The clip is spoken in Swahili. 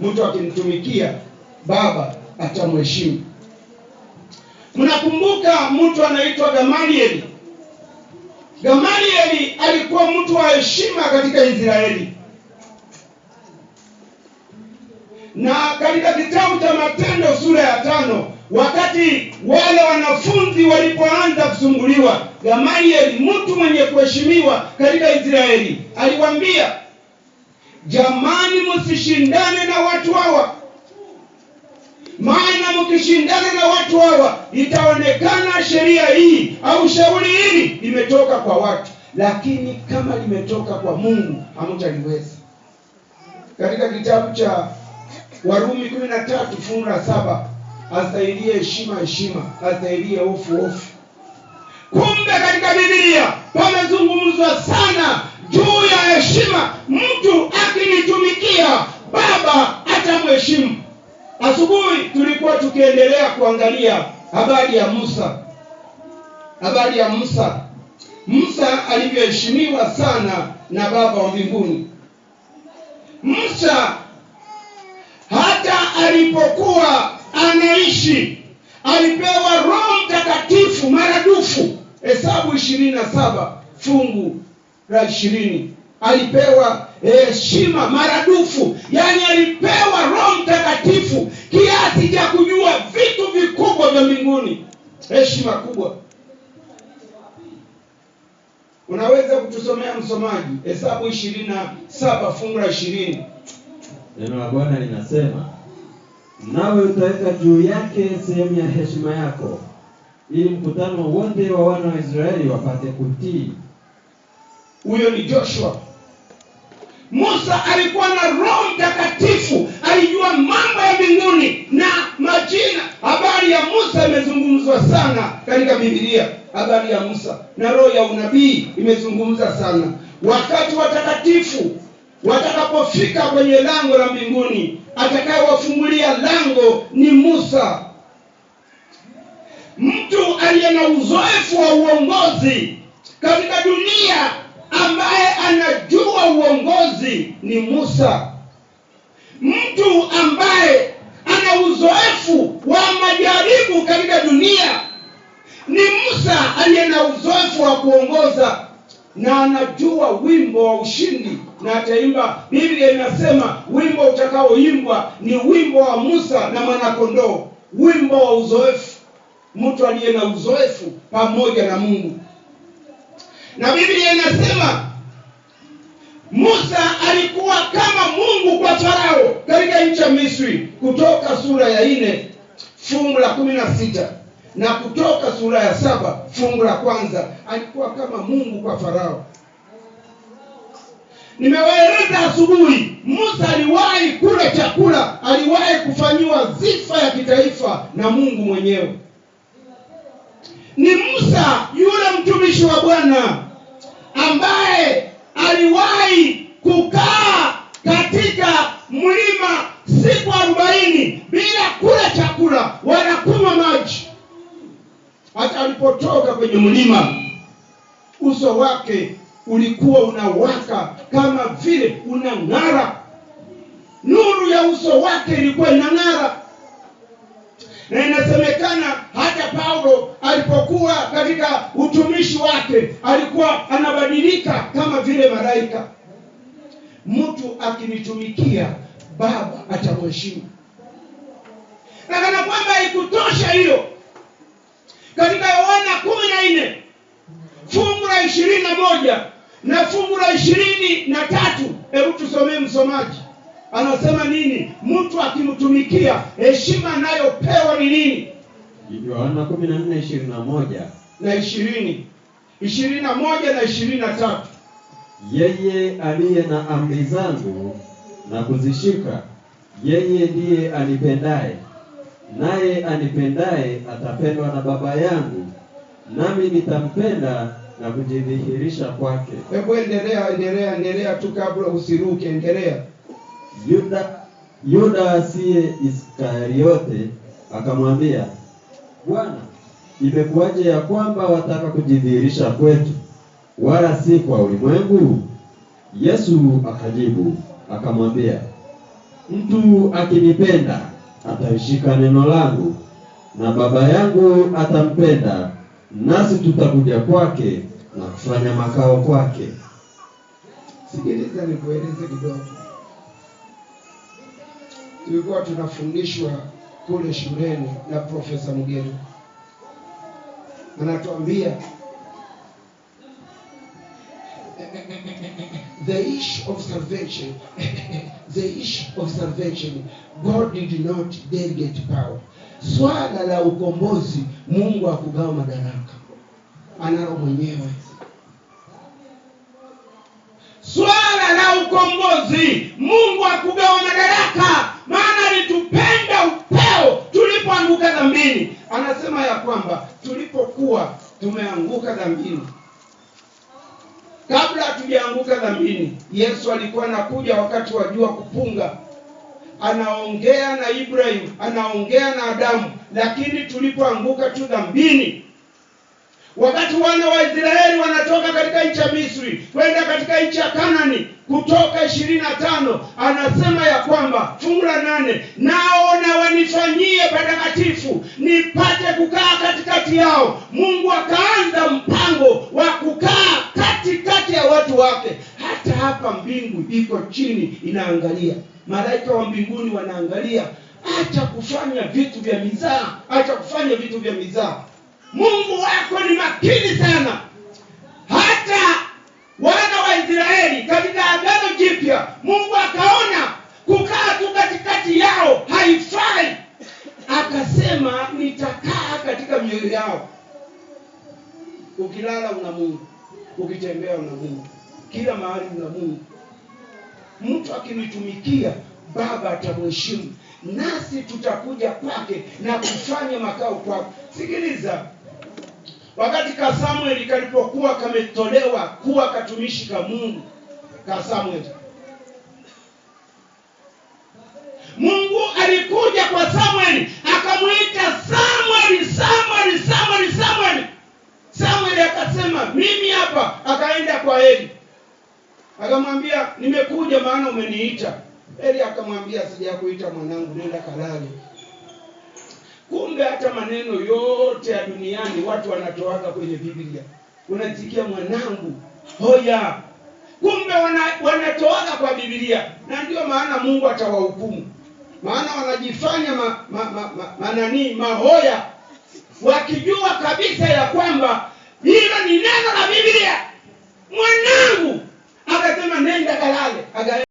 mtu akimtumikia baba atamheshimu. Mnakumbuka mtu anaitwa Gamalieli. Gamalieli alikuwa mtu wa heshima katika Israeli, na katika kitabu cha Matendo sura ya tano, wakati wale wanafunzi walipoanza kusumbuliwa, Gamalieli, mtu mwenye kuheshimiwa katika Israeli, aliwambia jamani, msishindane ukishindana na watu hawa, itaonekana sheria hii au shauri hili limetoka kwa watu, lakini kama limetoka kwa Mungu hamtaliweza. Katika kitabu cha Warumi kumi na tatu fungu la saba astahiliye heshima heshima, astahiliye hofu hofu. Kumbe katika Biblia pamezungumzwa sana juu ya heshima, mtu akinitumikia Asubuhi tulikuwa tukiendelea kuangalia habari ya Musa, habari ya Musa, Musa alivyoheshimiwa sana na Baba wa mbinguni. Musa hata alipokuwa anaishi alipewa Roho Mtakatifu maradufu. Hesabu ishirini na saba fungu la ishirini alipewa heshima maradufu. msomaji, Hesabu ishirini na saba fungu la ishirini neno la Bwana linasema nawe utaweka juu yake sehemu ya heshima yako, ili mkutano wote wa wana wa Israeli wapate kutii. Huyo ni Joshua. Musa alikuwa na Roho Mtakatifu, alijua mambo ya mbinguni na majina. Habari ya Musa imezungumzwa sana katika Biblia habari ya Musa na roho ya unabii imezungumza sana. Wakati watakatifu watakapofika kwenye lango la mbinguni, atakayewafungulia lango ni Musa. Mtu aliye na uzoefu wa uongozi katika dunia, ambaye anajua uongozi ni Musa. Mtu ambaye ana uzoefu wa majaribu katika dunia ni Musa aliye na uzoefu wa kuongoza na anajua wimbo wa ushindi na ataimba. Biblia inasema wimbo utakaoimbwa ni wimbo wa Musa na mwanakondoo, wimbo wa uzoefu, mtu aliye na uzoefu pamoja na Mungu. Na Biblia inasema Musa alikuwa kama Mungu kwa Farao katika nchi ya Misri, Kutoka sura ya nne fungu la kumi na sita na Kutoka sura ya saba fungu la kwanza, alikuwa kama Mungu kwa Farao. Nimewaeleza asubuhi, Musa aliwahi kula chakula, aliwahi kufanyiwa sifa ya kitaifa na Mungu mwenyewe. Ni Musa yule mtumishi wa Bwana ambaye aliwahi kukaa kati alipotoka kwenye mlima, uso wake ulikuwa unawaka kama vile una ngara Nuru ya uso wake ilikuwa ina ngara na inasemekana hata Paulo alipokuwa katika utumishi wake alikuwa anabadilika kama vile malaika. Mtu akinitumikia Baba atamheshimu. Na kana kwamba ikutosha hiyo katika Yohana kumi na nne fungu la ishirini na moja na fungu la ishirini na tatu Hebu tusomee msomaji, anasema nini? Mtu akimtumikia heshima anayopewa ni nini? Yohana kumi na nne ishirini na moja na ishirini ishirini na moja na ishirini na tatu Yeye aliye na amri zangu na kuzishika, yeye ndiye anipendaye naye anipendaye atapendwa na Baba yangu, nami nitampenda na kujidhihirisha kwake. Hebu endelea, endelea, endelea tu kabla usiruke, endelea. Yuda Yuda asiye Iskariote akamwambia, Bwana, imekuwaje ya kwamba wataka kujidhihirisha kwetu wala si kwa ulimwengu? Yesu akajibu akamwambia, mtu akinipenda ataishika neno langu na Baba yangu atampenda, nasi tutakuja kwake na kufanya makao kwake. Sikiliza nikueleze kidogo. Tulikuwa tunafundishwa kule shuleni na Profesa Mgeni, anatuambia the issue of salvation the issue of salvation, God did not delegate power. Swala la ukombozi, Mungu akugawa madaraka, analo mwenyewe. Swala la ukombozi, Mungu akugawa madaraka, maana alitupenda upeo tulipoanguka dhambini. Anasema ya kwamba tulipokuwa tumeanguka dhambini ameanguka dhambini. Yesu alikuwa anakuja wakati wa jua kupunga, anaongea na Ibrahimu, anaongea na Adamu, lakini tulipoanguka tu dhambini Wakati wana wa Israeli wanatoka katika nchi ya Misri kwenda katika nchi ya Kanani, Kutoka ishirini na tano anasema ya kwamba fungu la nane, nao na wanifanyie patakatifu nipate kukaa katikati yao. Mungu akaanza hapa mbingu iko chini inaangalia, malaika wa mbinguni wanaangalia. Acha kufanya vitu vya mizaa, acha kufanya vitu vya mizaa. Mungu wako ni makini sana. Hata wana wa Israeli katika Agano Jipya, Mungu akaona kukaa tu katikati yao haifai, akasema nitakaa katika mioyo yao. Ukilala una Mungu, ukitembea una Mungu kila mahali na Mungu. Mtu akinitumikia Baba atamheshimu, nasi tutakuja kwake na kufanya makao kwake. Sikiliza, wakati Kasamueli kalipokuwa kametolewa kuwa katumishi ka Mungu, Kasamueli Mungu alikuja kwa Samueli akamwita Samueli, Samueli, Samueli, Samueli. Samueli akasema mimi hapa, akaenda kwa Eli Akamwambia, nimekuja maana umeniita. Eli akamwambia, sijakuita mwanangu, nenda kalale. Kumbe hata maneno yote ya duniani watu wanatoaga kwenye Biblia. Unasikia mwanangu, hoya. Kumbe wana, wanatoaga kwa Biblia, na ndio maana Mungu atawahukumu, maana wanajifanya ma, ma, ma, ma, manani mahoya, wakijua kabisa ya kwamba hilo ni neno la Biblia. Mwanangu akasema nenda kalale.